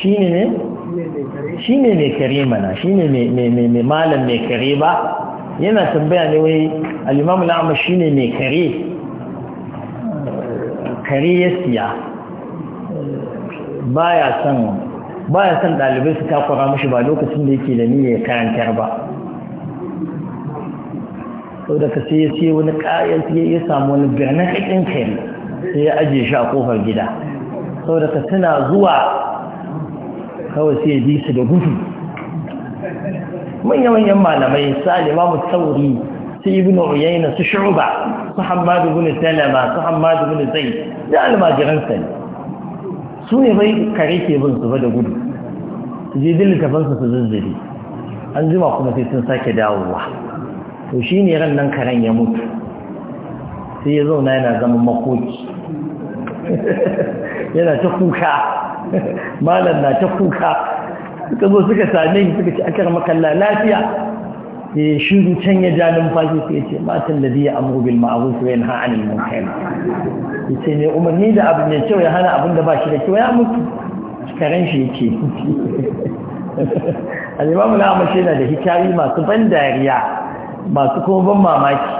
shi ne mai kare mana shi ne mai malam mai kare ba yana tambaya ne wai alimamu la'amma shi ne mai kare kare ya siya ba ya san son ɗalibai su takwara mashi ba lokacin da yake da niyyar karantar ba sau da ka sai ya wani ya samu wani birnin kakin kare sai ya ajiye shi a ƙofar gida saboda ka suna zuwa kawai sai bi su da gudu manya-manyan malamai salima mutsauri su ibn uyayna su shu'ba su hamadu bin talama su hamadu bin zai da almajiransa ne su ne bai kare ke bin su ba da gudu su je dillin tafansa su zuzzuri an jima kuma sai sun sake dawowa to shi ne ran nan karen ya mutu sai ya zauna yana zama makoki yana ta kuka malam na ta kuka suka zo suka same ni suka ce akar makalla lafiya ya shiru can ya ja numfashi su ya ce matan da biya a bil ma'ruf wa ha'anin 'anil ya ce ne umarni da abu ne cewa ya hana abin da ba shi da kyau ya mutu karen shi yake a Alimamu na ahmad na yana da hikayi masu ban dariya masu kuma ban mamaki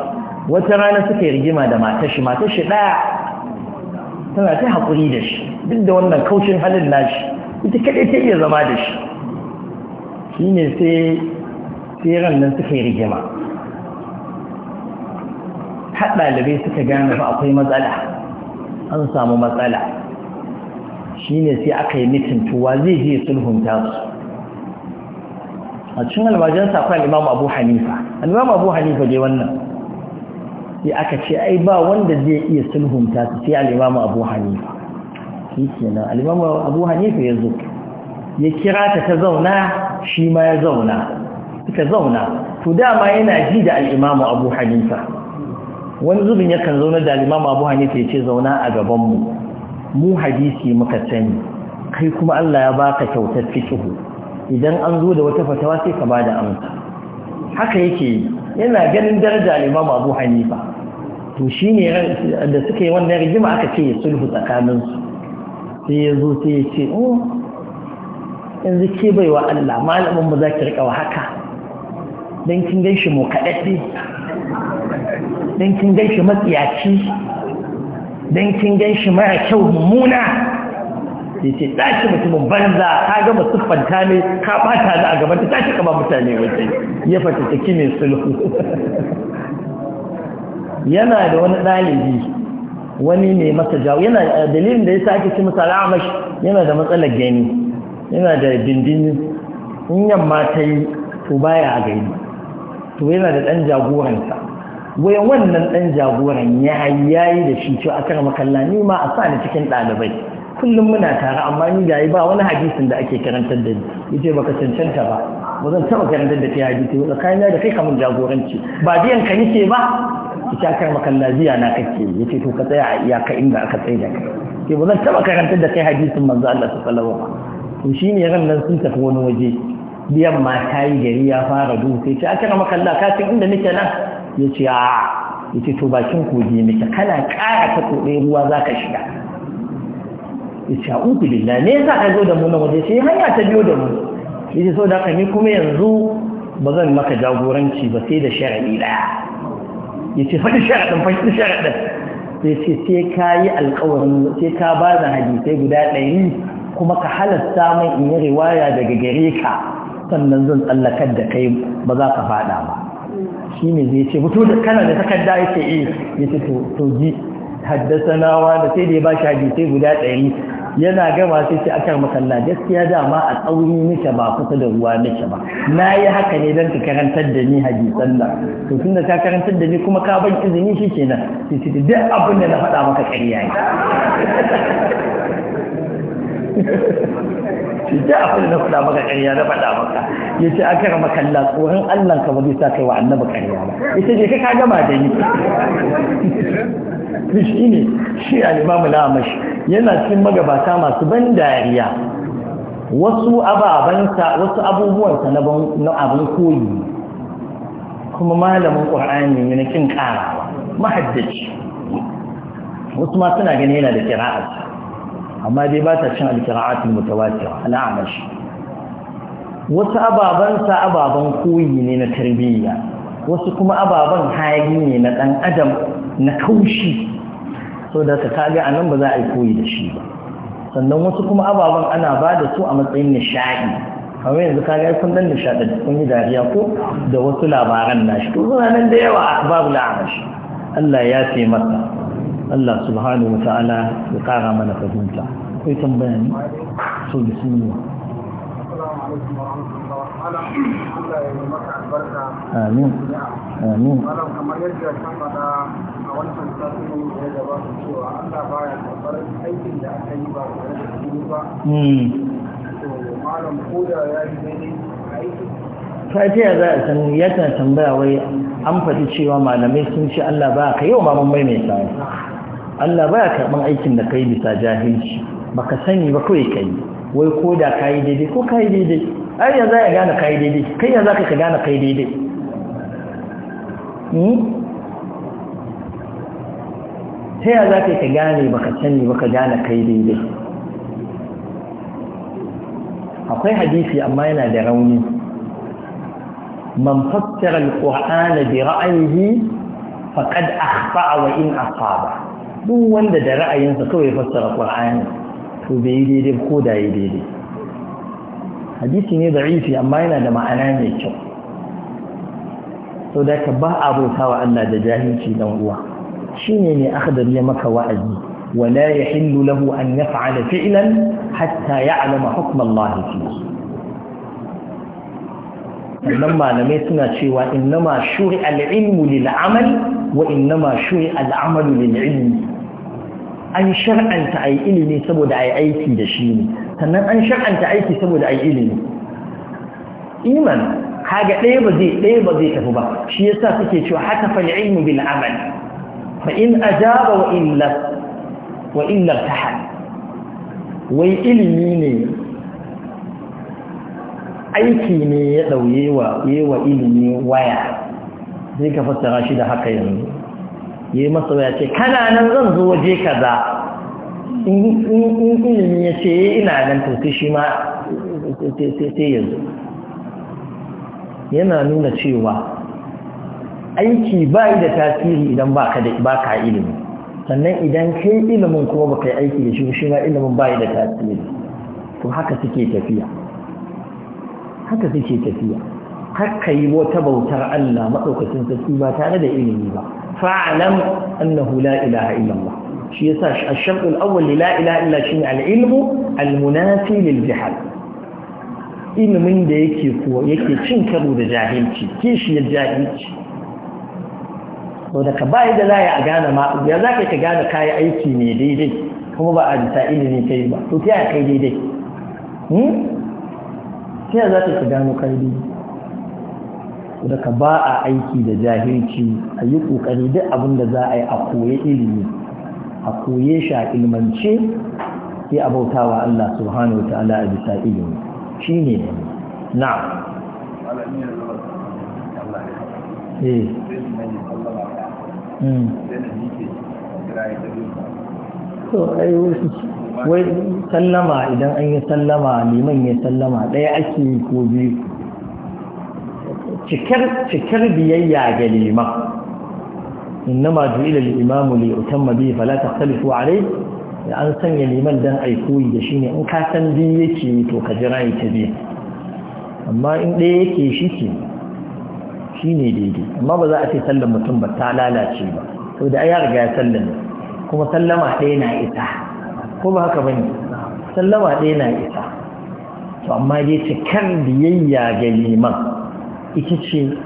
wata rana suka yi rigima da matashi matashi daya tana ta haƙuri da shi duk da wannan kaushin halin nashi ita kaɗai ta iya zama da shi shi ne sai tseren nan suka yi rigima har ɗalibai suka gane ba akwai matsala an samu matsala shi ne sai aka yi mitin zai je sulhunta su a cikin almajiransa akwai al'imamu abu hanifa al'imamu abu hanifa dai wannan sai aka ce ai ba wanda zai iya sulhunta su sai al'imamu abu hanifa shi nan al'imamu abu hanifa ya zo ya kira ta ta zauna shi ma ya zauna suka zauna to dama yana ji da al'imamu abu hanifa wani zubin yakan zauna da al'imamu abu hanifa ya ce zauna a gabanmu mu hadisi muka sani kai kuma Allah ya baka kyautar fikihu idan an zo da wata fatawa sai ka bada amsa haka yake yana ganin darajar al Abu Hanifa to shi ne da suka yi wannan rigima aka ce ya sulhu tsakaninsu sai ya zo sai ya ce oh yanzu ke bai wa Allah malamin ba za ki riƙa wa haka don kin gan shi mokaɗaɗɗe don kin gan shi matsiyaci don kin gan shi mara kyau mummuna sai ce tashi mutumin banza ka gama siffanta ne ka ɓata da a gaban ta tashi kama mutane wajen ya fata ta kime sulhu yana da wani ɗalibi wani mai masa jawo yana eh, dalilin da ya sake ake ci a al'amash yana da matsalar gani yana da dindini in yamma ta yi to baya a gani to yana da ɗan jagoransa wai wannan ɗan jagoran ya yayi da shi cewa akar makalla ni ma a sa ni cikin ɗalibai kullum muna tare amma ni yayi ba wani hadisin da ake karantar da ni yace baka cancanta ba ba zan taɓa karantar da kai hadisi ba tsakanin da kai kamar jagoranci ba biyan ka nike ba ita kar makallajiya na kake yace to ka tsaya a iyaka inda aka tsaya da kai ke ba zan taba karantar da kai hadisin manzo Allah sallallahu alaihi wasallam to shine ran nan sun tafi wani waje biyan ma tayi gari ya fara duhu sai ta kar makalla ka san inda nake nan yace a yace to bakin kogi nake kana ƙara ta koɗe ruwa zaka shiga yace a'udhu billahi ne za ka zo da mu nan waje sai eh, hanya ta biyo da mu yace so da kuma yanzu ba zan maka jagoranci ba sai da shar'i daya ya ce faɗi sharaɗin faɗi sharaɗin Ya ce sai ka yi alkawarin sai ka ba da hadisai guda ɗari kuma ka halasta mai in yi riwaya daga gare ka sannan zan tsallakar da kai ba za ka faɗa ba shi ne zai ce mutu da kana da takarda ya ce eh ya ce to ji haddasa nawa da sai da ya ba shi hadisai guda ɗari yana gama sai ce akar makalla gaskiya dama a tsauni nake ba kusa da ruwa nake ba na yi haka ne don ka karantar da ni hadisan nan to tun da ka karantar da ni kuma ka ban izini shi ke nan sai ce duk abin da na faɗa maka ƙarya ne duk abin da na faɗa maka ƙarya na faɗa maka ya ce a makalla tsoron allah ka ba zai sa kai wa annabi ƙarya ba ita ce ka gama da ni shi ne shi alimamu na amashi yana cin magabata masu ban dariya wasu ababansa wasu abubuwansa na abin koyi kuma malamin ƙwar'ani ne na kin ƙarawa mahaddaci wasu ma suna gani yana da kira'a amma dai ba ta cin alkira'atul mutawatira na amashi wasu ababansa ababen koyi ne na tarbiyya wasu kuma ababan hayi ne na ɗan adam na kaushi so da ta kaga a nan ba za a yi koyi da shi ba sannan wasu kuma ababen ana ba da su a matsayin nishaɗi kamar yanzu kaga kun dan nishaɗi kun yi dariya ko da wasu labaran nashi to suna nan da yawa babu la'amashi Allah ya ce masa Allah subhanahu wa ta'ala ya kara mana fahimta Akwai tambaya ne so bismillah Amin. Amin. Malam Amin. Amin. a wancan satin da ba su cewa Allah baya karɓar aikin da aka yi ba tare da shi ba. Hmm. To malam koda ya yi daidai aikin. Ta ce za a san yakan tambaya wai an faɗi cewa malamai sun ce Allah ba ka yau ma mun maimaita Allah baya karɓar aikin da kai bisa jahilci ba ka sani ba kawai ka yi, wai ko da ka yi daidai ko ka yi daidai ai yanzu ya gane ka yi daidai kai yanzu ka gane ka yi daidai hmm? ta ya za ka yi ka gane baka canji baka gane kai daidai akwai hadisi amma yana da rauni man fassara alqur'ana bi ra'ayihi a fa'a wa in asaba duk wanda da ra'ayinsa kawai fassara qur'ani to bai daidai ko da yi daidai hadisi ne da'ifi amma yana da ma'ana mai kyau sau da ka ba abota wa Allah da jahilci don uwa شيني ني اخذ بي مكه وعد ولا يحل له ان يفعل فعلا حتى يعلم حكم الله فيه لما لم يسمع شيء وانما شرع العلم للعمل وانما شرع العمل للعلم ان شرع ان تعي علمي سبود اي ايتي دشيني sannan an shar'anta aiki saboda ai ilimi iman kaga ɗaya ba zai ɗaya ba zai tafi ba shi yasa suke cewa hatafa ilmu bil amal فإن أجاب وإلا وإلا ارتحل وإلمي ne aiki ne ya ɗauye wa ilimi waya zai ka fassara shi da haka yanzu yi masa waya ce kana nan zan zo waje kaza in ilimi ya ce ina nan to ma yana nuna cewa aiki ba da tasiri idan ba ka ilimi sannan idan kai ilimin kuma ba kai yi aiki da shi shi ma ilimin ba da tasiri to haka suke tafiya haka suke tafiya haka yi wata bautar Allah maɗaukacin sarki ba tare da ilimi ba fa'alam annahu la ilaha illallah shi yasa ash-shartu al-awwal la ilaha illa shi al-ilmu al-munafi lil ilimin da yake kuwa yake cin karo da jahilci kishiyar jahilci to daga bayi da za a gane ma ya za ka gane kayi aiki ne daidai kuma ba a bisa ilimi ta yi ba to ta kai daidai hmm? ta yaya za ka gano kai daidai daga ba a aiki da jahilci a yi ƙoƙari duk abin da za a yi a koye ilimi a koye shi a ilmance a bauta wa Allah subhanahu wa ta'ala a bisa ilimi shi ne na'am Eh. Hmm. wai sallama idan an yi sallama liman ya sallama ɗaya ake yi ko biyu cikar biyayya ga liman إنما جئل الإمام ليؤتم به فلا تختلفوا عليه an sanya liman dan ai koyi da shi ne in ka san biyu yake to ka jira ya ta biyu amma in ɗaya yake shi ke Shi ne daidai amma ba za a ce sallar mutum ba ta lalace ba da ya riga ya sallar kuma sallama ɗaya na isa ko ba haka bane sallama ɗaya na isa to amma dai cikar biyayya ga liman ita ce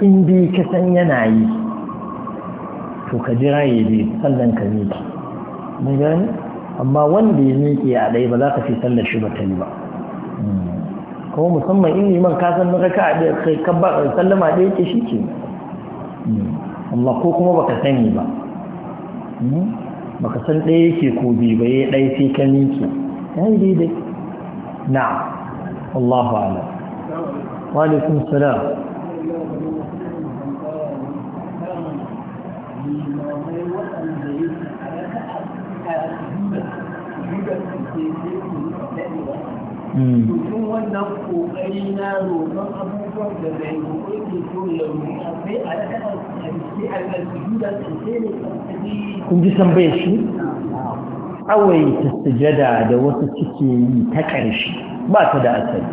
in bi ka san yana yi to ka jira ya bi sallan ka miƙe mun gani amma wanda ya miƙe a ɗaya ba za ka fi sallar shi ba ta yi ba hmm. ko musamman in liman kasan na raka a ɗaya kai kabbar sallama ɗaya yake shi ke hmm. amma ko kuma baka sani ba hmm. baka san ɗaya yake ko biyu ba ya ɗaya sai ka miƙe ya yi daidai na Allahu ala wa alaikum salam Mm. domin wannan kokari na roƙon abubuwan da bai roƙo ke so ya roƙa sai a kan a ƙarshe da ƙarshe ne ƙarshe kun ji san bai shi awai ta sujada da wasu suke yi ta ƙarshe ba ta da asali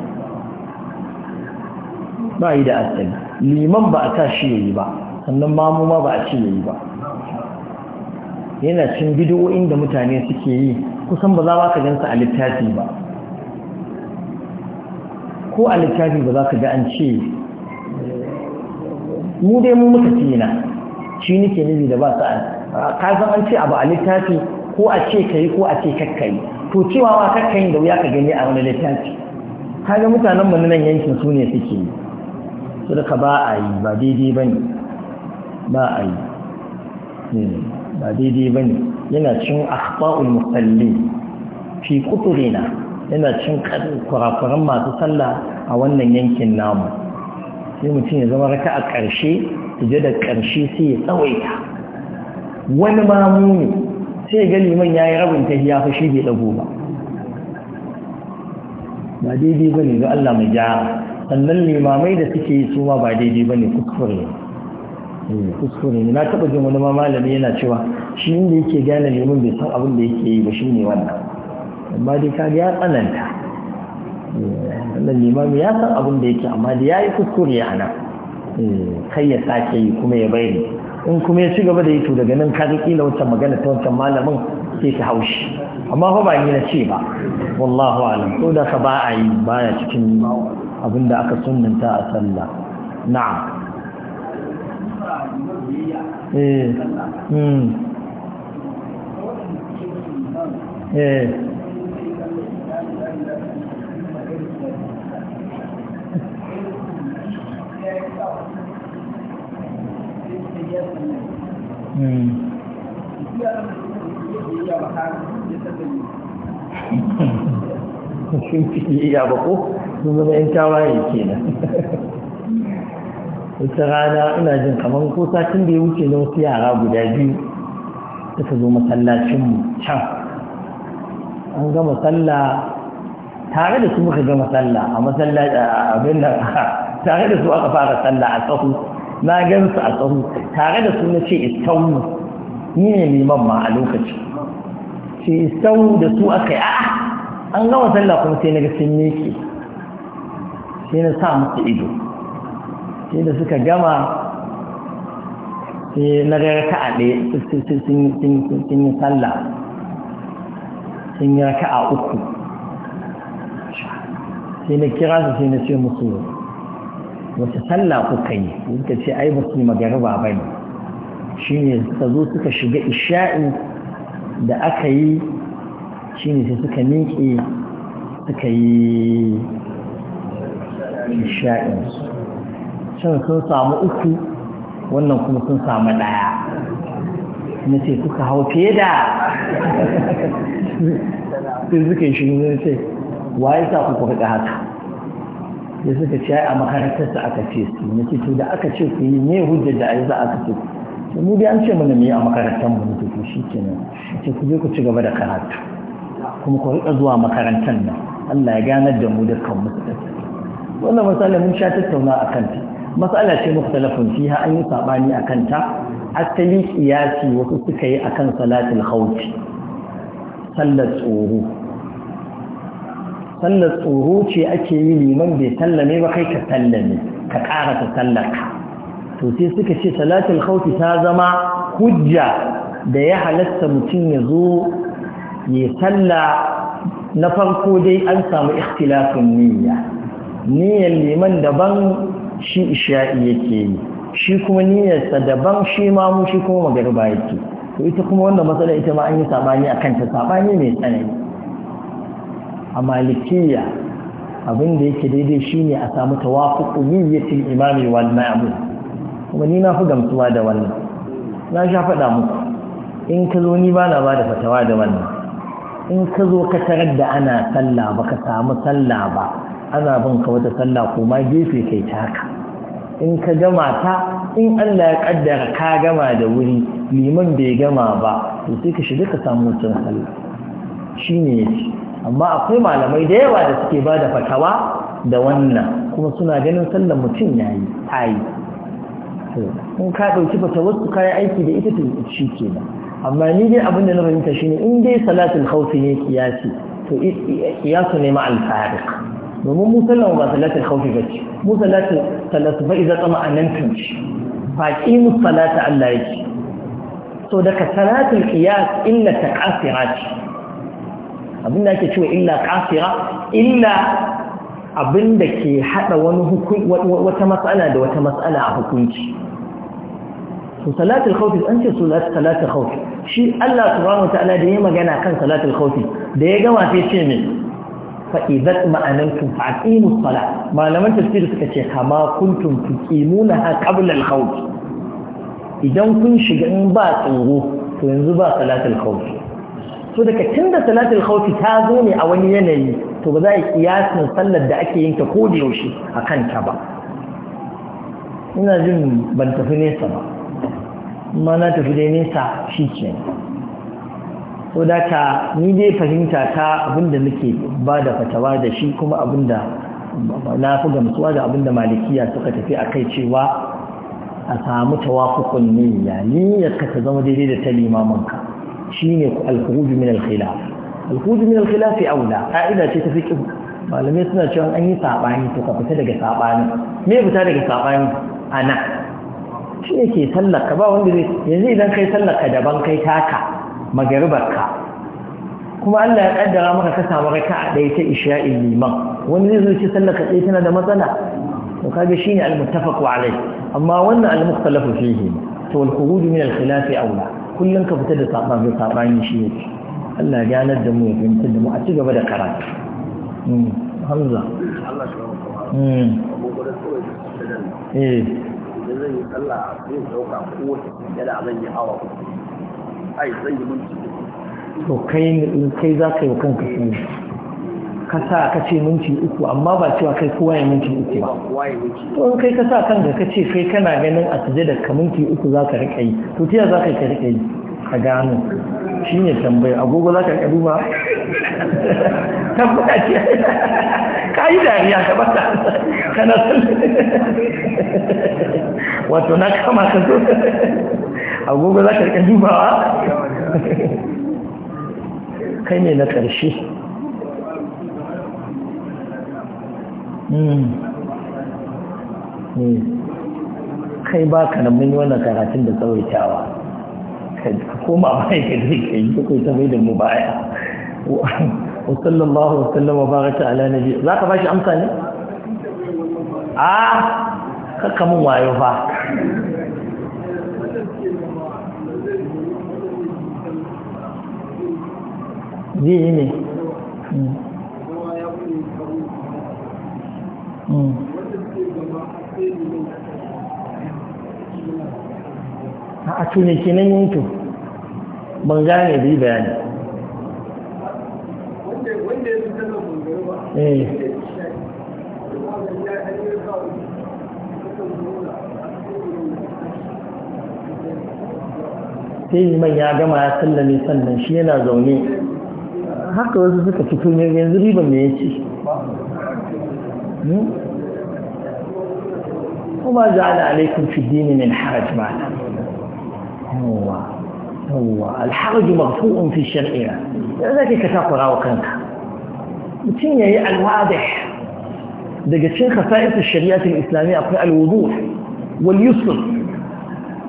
ba yi da asali liman ba a tashi ya yi ba sannan mamu ma ba a ce ya yi ba yana cin bidiyo da mutane suke yi kusan ba za ka gansa a littafi ba ko a littafi ba za ka ga an ce mu dai mu muka ce na shi nake nufi da ba sa'an ka san an ce abu a littafi ko a ce kai ko a ce kakkai to cewa wa kakkai da wuya ka gani a wani littafi kaga mutanen mu nan yankin su ne suke yi su da ba a yi ba daidai ba ne ba a yi hmm, ba daidai ba ne yana cin akhba'ul musallin fi kuturina yana cin kurakuran masu sallah a wannan yankin namu sai mutum ya zama raka a ƙarshe suje da ƙarshe sai ya tsawaita wani mamuni sai ga liman ya yi rabin tahiya fa shi bai ɗago ba ba daidai ba ne ga Allah mai gyara sannan limamai da suke yi su ma ba daidai ba ne kuskure eh, kuskure na taɓa jin wani malami yana cewa shi inda yake gane liman bai san abin da yake yi ba shi ne wannan amma dai ka ya tsananta wannan limami ya san abin da yake amma da ya yi kuskure a nan eh, kai ya sake yi kuma ya bayani in kuma ya ci gaba da yi daga nan ka kila wancan magana ta wancan malamin sai ka haushi amma ba ni na ce ba wallahu alam ko da ka ba a yi baya cikin abin da aka sunanta a sallah Na'a. eh hmm. eh Hmm. sun fiye iya bako sun zama yan tawaye kenan wata rana ina jin kamar ko satin da ya wuce na wasu yara guda biyu suka zo masallacin mu can an gama sallah tare da su muka gama sallah a masallaci abin da tare da su aka fara sallah a tsaho na gan su a tsaho tare da su na ce istawu ni ne neman ma a lokaci ce istawu da su aka yi a'a an gama sallah kuma sai na ga sun miƙe sai na sa musu ido sai da suka gama sai na ga a ɗaya sun yi sallah sun yi a uku sai na kira su sai na ce musu wata sallah kuka yi suka ce ai ba su magariba ba ne shi ne suka zo suka shiga isha'i da aka yi shi ne sai suka miƙe suka yi isha'i can sun samu uku wannan kuma sun samu ɗaya na ce kuka hau fiye da sai suka yi shi ne sai wa ya sa kuka haka da suka ce a makarantarsa aka ce su na ce da aka ce ku yi ne hujjar da ayi za aka ce to mu dai an ce mana me a makarantar mu to to shikenan ce ku je ku ci gaba da karatu kuma ku rika zuwa makarantar nan Allah ya ganar da mu dukkan mu wannan misali mun sha tattauna a kanta matsala ce mukhtalafun fiha an yi sabani a kanta asali kiyasi wasu suka yi akan salatul hauti sallar tsoro sallar tsoro ce ake yi liman bai sallame ba kai ka sallame ka ƙara ta tallaka to sai suka ce talatul khawfi ta zama hujja da ya halatta mutum ya zo ya salla na farko dai an samu ikhtilafin niyya niyyar liman daban shi isha'i yake yi shi kuma niyyarsa daban shi mamu shi kuma magariba yake to ita kuma wannan matsala ita ma an yi sabani akan ta sabani mai tsanani a malikiya abin da yake daidai shine a samu tawafuqu niyyatil imami wal ma'mum kuma ni na fi gamsuwa da wannan na sha faɗa muku in ka zo ni bana na ba da fatawa da wannan in ka zo ka tarar da ana sallah ba ka samu sallah ba ana bin ka wata sallah ko ma gefe kai haka. in ka gama ta in Allah ya kaddara ka gama da wuri liman bai gama ba to sai ka shiga ka samu wucin sallah shine yace amma akwai malamai da yawa da suke ba da fatawa da wannan kuma suna ganin sallan mutum ya yi tayi in ka ɗauki wasu kayan aiki da ita ta shi ke ba. amma ni dai abin da na fahimta shi ne in dai salatin haufi ne kiyasi to kiyasu ne ma'al alfahari. domin mu sallan ba salatin haufi ba ce mu salatin salatu ba iza tsama a nan kan shi ba ƙimu salata Allah ya yake so daga salatin kiyas illa ta ƙasira ce abin da ake cewa illa kafira illa abin da ke hada wani wata matsala da wata matsala a hukunci to salatul khawfi an ce salatul khawfi shi Allah subhanahu wataala da ya magana kan salatul khawfi da ya gama sai ce me fa idat ma'anantum fa aqimus salat malaman tafsir suka ce kama kuntum tuqimuna qabla al khawf idan kun shiga in ba tsoro to yanzu ba salatul khawfi To daga tun da salatul khawfi ta zo ne a wani yanayi to ba za a kiyasin sallar da ake yin ta ko da yaushe a kanta ba ina jin ban tafi nesa ba amma na tafi dai nesa shi ke so da ka ni dai fahimta ta abinda muke ba da fatawa da shi kuma abinda na fi gamsuwa da abinda malikiya suka tafi a kai cewa a samu tawafukun niyya niyyar ka ta zama daidai da ta ka. shine al-khuruj min al-khilaf min al-khilaf aula ka'ida ce ta fiqh malamai suna cewa an yi sabani to ka fita daga sabani me fita daga sabani ana shi yake sallaka ba wanda zai yanzu idan kai sallaka daban kai taka magaribarka kuma Allah ya kaddara maka ka samu raka'a ɗaya ta isha'in liman wani zai zo ci sallaka ɗaya tana da matsala to kaga shine al-muttafaq alayh amma wannan al-mukhtalafu fihi to al-khuruj min al-khilaf aula kullum ka fita da saɓani saɓani shi ne Allah ya ganar da mu ya fahimtar da mu a ci gaba da karatu hmm. hamza hmm. eh zan yi sallah ko yana zan yi hawa ai zan yi minti kai kai za ka yi kanka sani ka sa ka ce minti uku amma ba cewa kai kowa ya minti uku ba to in kai ka sa kanka ka ce kai kana ganin a suje da ka minti uku za ka riƙa yi to tiya za ka riƙa yi ka gano shi ne tambayi agogo za ka riƙa duba tabbata ce ka yi dariya ka bata kana san wato na kama ka zo agogo za ka riƙa dubawa kai ne na ƙarshe Hmm. Hmm. kai ba ka da mun yi wannan karatun da tsawaitawa ka koma baya ka zai ka yi kai ta mai da mu baya wa sallallahu wa sallama ta'ala na biyu, za ka bashi amsa ne a kakka mun wayo ba zai yi ne hmm. Hmm. a tuni kenan yankin ban gane da yi bayani eh. sai ya gama ya sallame sannan shi yana zaune haka wasu suka fito ne yanzu riban me ya ce وما زال عليكم في الدين من حرج معنا الله الله الحرج مغفوء في شرعنا لذلك كتاب وكنك متين يا يعني الواضح دقتين خفائف الشريعة الإسلامية أقرأ الوضوح واليسر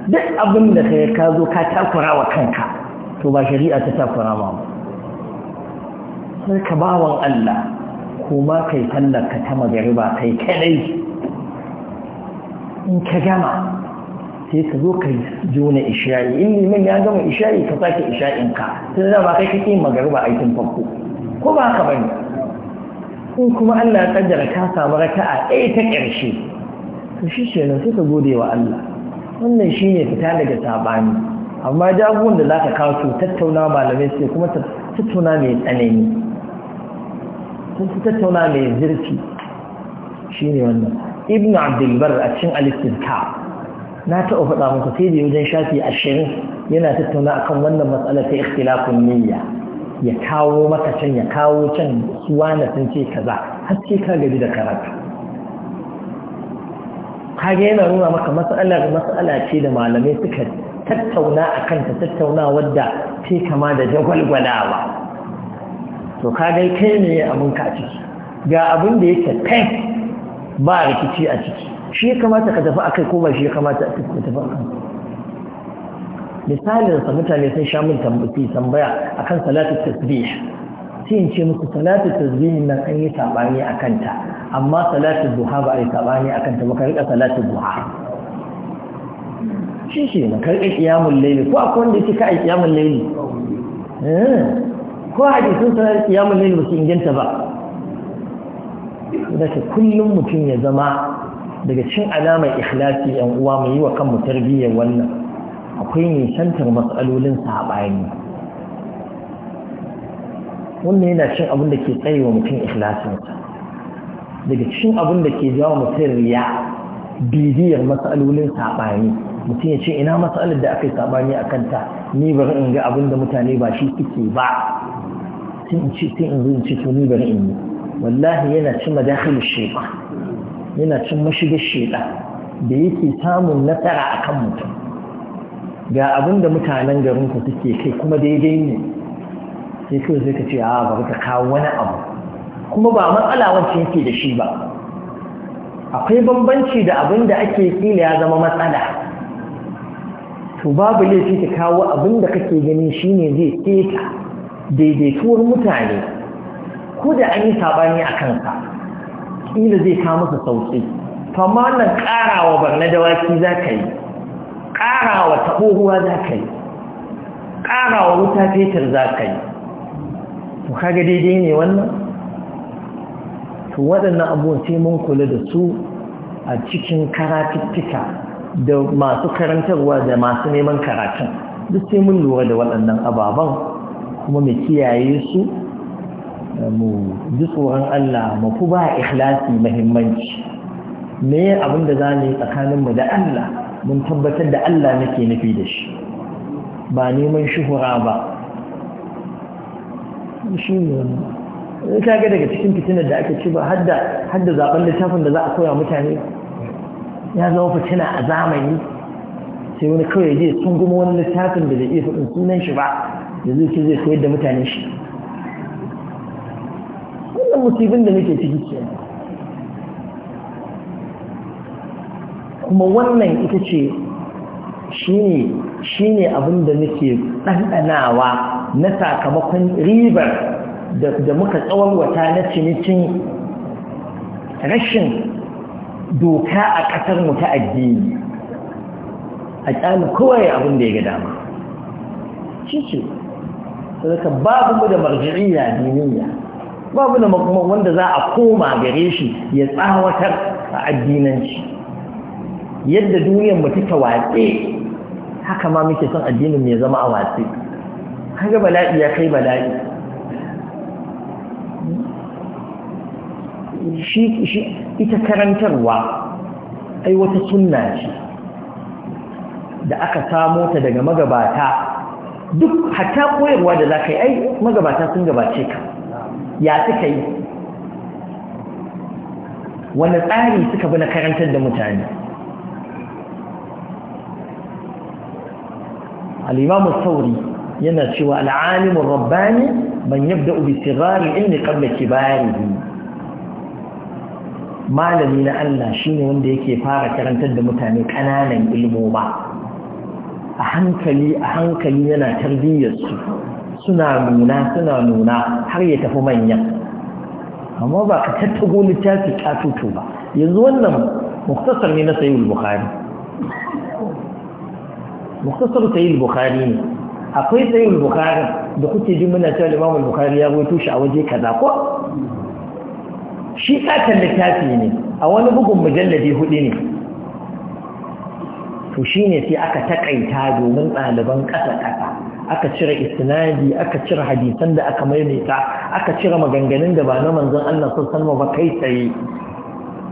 ده أظن لك يا كازو كتاب وكنك تبا شريعة كتاب راوكنك كباوا الله ko ma kai sallar ka ta magariba kai kadai in ka gama sai ka zo ka jona isha'i in liman ya gama isha'i ka sake isha'in ka sai da ba kai kake magariba aikin farko ko ba ka bani in kuma Allah ya kaddara ka samu raka'a ɗaya ta karshe. to shi ce sai ka gode wa Allah wannan shi ne fita daga sabani amma jagoran da za ka kawo tattauna malamai sai kuma tattauna mai tsanani sun fi tattauna mai zirfi ne wannan ibn abdulbar a cikin alistinka na taɓa faɗa muku sai da wajen shafi ashirin yana tattauna akan wannan matsalar ta ikhtilafun niyya ya kawo maka can ya kawo can suwana sun ce kaza har ce ka gaji da karatu kage yana nuna maka matsalar matsala ce da malamai suka tattauna akan ta tattauna wadda ce kama da jagwalgwalawa to ka dai kai ne abin ka a ciki ga abin da yake kai ba rikici a ciki shi ya kamata ka tafi akai ko ba shi ya kamata ka tafi akai misalin sa mutane sun sha min tambayi tambaya akan salatu tasbih sai in ce musu salatu tasbih nan an yi sabani akan ta amma salatu duha ba a yi sabani akan ta ba ka rika salatu duha shi shi na karɓi ƙiyamun laili ko akwai wanda yake ka a ƙiyamun laili eh. ko hadisin sa kiyamun lail ba su inganta ba daga kullum mutum ya zama daga cin alamar ikhlasi yan uwa mu yi wa kanmu tarbiyyar wannan akwai nisantar matsalolin saɓani wannan yana cin abin da ke tsaye wa mutum ikhlasinsa daga cin abin da ke jawo mutum riya bidiyar matsalolin saɓani mutum ya ce ina matsalar da aka yi saɓani a kanta ni bari in ga abin da mutane ba shi suke ba tun in tun in zo in ce to ni bari in yi wallahi yana cin madakhil shaytan yana cin mashigar shaytan da yake samun nasara akan mutum ga abin da mutanen garin ku suke kai kuma daidai ne sai kawai sai ka ce a bari ka kawo wani abu kuma ba matsala wacce yake da shi ba akwai bambanci da abin da ake kila ya zama matsala to babu laifi ka kawo abin da kake gani shine zai keta daidaituwar mutane ko da an yi sabani a kansa ƙila zai ka masa sauƙi amma wannan ƙarawa barna dawaki za ka yi ƙarawa taɓo za ka yi ƙarawa wuta fetur za ka yi to kaga daidai ne wannan to waɗannan abubuwan sai mun kula da su a cikin karatuttuka da masu karantarwa da masu neman karatun duk sai mun lura da waɗannan ababen kuma mu kiyaye su mu ji tsoron Allah mu fi ba ikhlasi muhimmanci me abin da za mu tsakanin mu da Allah mun tabbatar da Allah nake nufi da shi ba neman shuhura ba shi ne ka ga daga cikin fitinar da aka ci ba hadda da zaben littafin da za a koya mutane ya zama fitina a zamani sai wani kawai je sun gumo wani littafin da zai iya faɗin sunan shi ba yanzu ce zai koyar da mutane shi wannan musibin da muke ciki ce kuma wannan ita ce shi ne abin da nake ɗanɗanawa na sakamakon ribar da muka tsawon wata na cinikin rashin doka a ƙasar mu ta addini a ƙyalin kowai abin da ya ga dama shi ce ka babu mu da marji'iyya diniya babu da makamman wanda za a koma gare shi ya tsawatar a addinanci yadda duniyar mu take watse haka ma muke son addinin mu ya zama a watse kaga bala'i ya kai bala'i shi shi ita karantarwa ai wata sunna ce da aka samo ta daga magabata duk hatta koyarwa da za ka yi ai magabata sun gabace ka ya suka yi wani tsari suka bi na karantar da mutane al'imamu sauri yana cewa al'alimin rabbani ban yabda ubi sirari inda kabla kibari malami na Allah shine wanda yake fara karantar da mutane kananan ilmoma a hankali a hankali yana tarbiyyarsu suna nuna suna nuna har ya tafi manyan amma ba ka tattago littafi katutu ba yanzu wannan muktasar ne na sayi bukhari muktasar sayi bukhari ne akwai sayi bukhari da kuke ji muna cewa imam bukhari ya goyi shi a waje kaza ko shi katon littafi ne a wani bugun mujalladi hudu ne to ne sai aka takaita domin ɗaliban ƙasa-ƙasa aka cire istinadi aka cire hadisan da aka maimaita aka cire maganganun da ba na manzon Allah san ba kai tsaye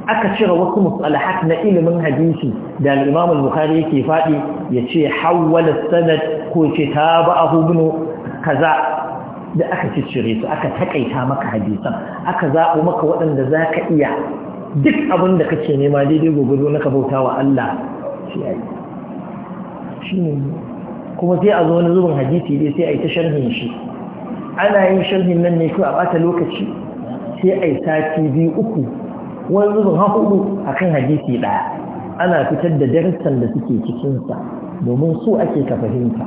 aka cire wasu musalahat na ilimin hadisi da al-Imam al-Bukhari yake faɗi yace hawwala sanad ko ce tabahu ibn kaza da aka cire su aka takaita maka hadisan aka zaɓo maka waɗanda zaka iya duk abin da kake nema daidai gobe na ka bauta wa Allah sai a yi shi ne kuma sai a zo wani zubin hadisi dai sai a yi ta sharhin shi ana yin sharhin nan ne kawai a ɓata lokaci sai a yi sati biyu uku wani zubin hakudu a kan hadisi ɗaya ana fitar da darussan da suke cikinsa domin su ake ka fahimta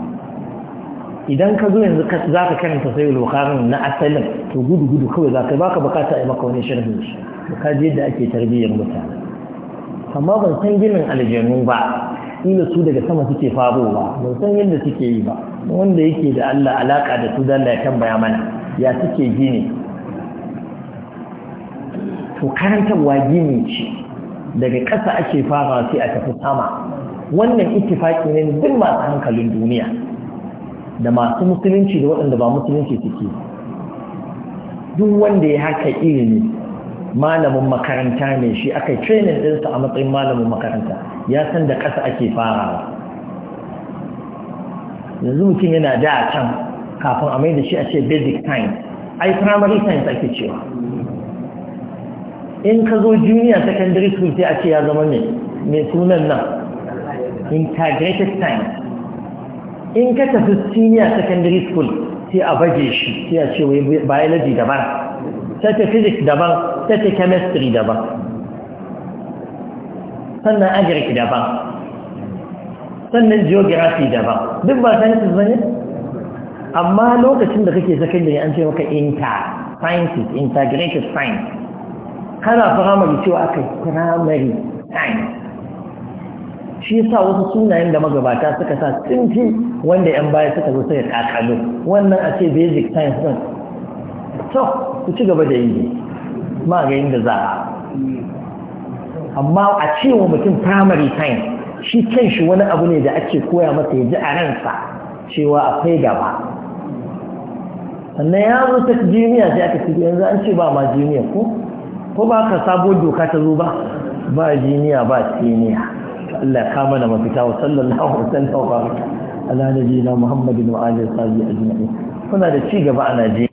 idan ka zo yanzu za ka karanta sai lokarin na asalin to gudu gudu kawai za ka baka bukata a yi maka wani sharhin shi ka je ake tarbiyyar mutane amma ban san ginin aljanu ba ila su daga sama suke farowa ban san yadda suke yi ba wanda yake da Allah alaka da su dalla ya tambaya mana ya suke gini to karantarwa gini ce daga ƙasa ake fara sai a tafi sama wannan ittifaki ne duk masu hankalin duniya da masu musulunci da waɗanda ba musulunci suke duk wanda ya haka ilimi malamin makaranta ne shi aka training ɗinsa a matsayin malamin makaranta ya san da ƙasa ake farawa yanzu mutum yana da can kafin a mai da shi a ce basic science ai primary science ake cewa in ka zo junior secondary school sai a ce ya zama ne mai sunan nan integrated science in ka tafi senior secondary school sai a baje shi sai a ce wai biology daban sai ta physics daban ta ce chemistry daban sannan agric daban sannan geography daban duk ba sani ba ne amma lokacin da kake sakandare an ce maka inter sciences integrated science kana firamare cewa aka primary science shi yasa wasu sunayen da magabata suka sa tsinci wanda yan baya suka zo suka kakalo wannan a ce basic science ɗin. to ku ci gaba da yi ba ga inda za a amma a cewa mutum primary time shi kan shi wani abu ne da ake koya masa ya ji a ransa cewa akwai gaba sannan ya zo ta jiniya sai aka ce yanzu an ce ba ma jiniya ko ko ba ka sabo doka ta zo ba ba jiniya ba siniya Allah ka mana mafita wa sallallahu alaihi wasallam wa baraka ala nabiyina Muhammadin wa alihi wa sahbihi ajma'in kuna da ci gaba a Najeriya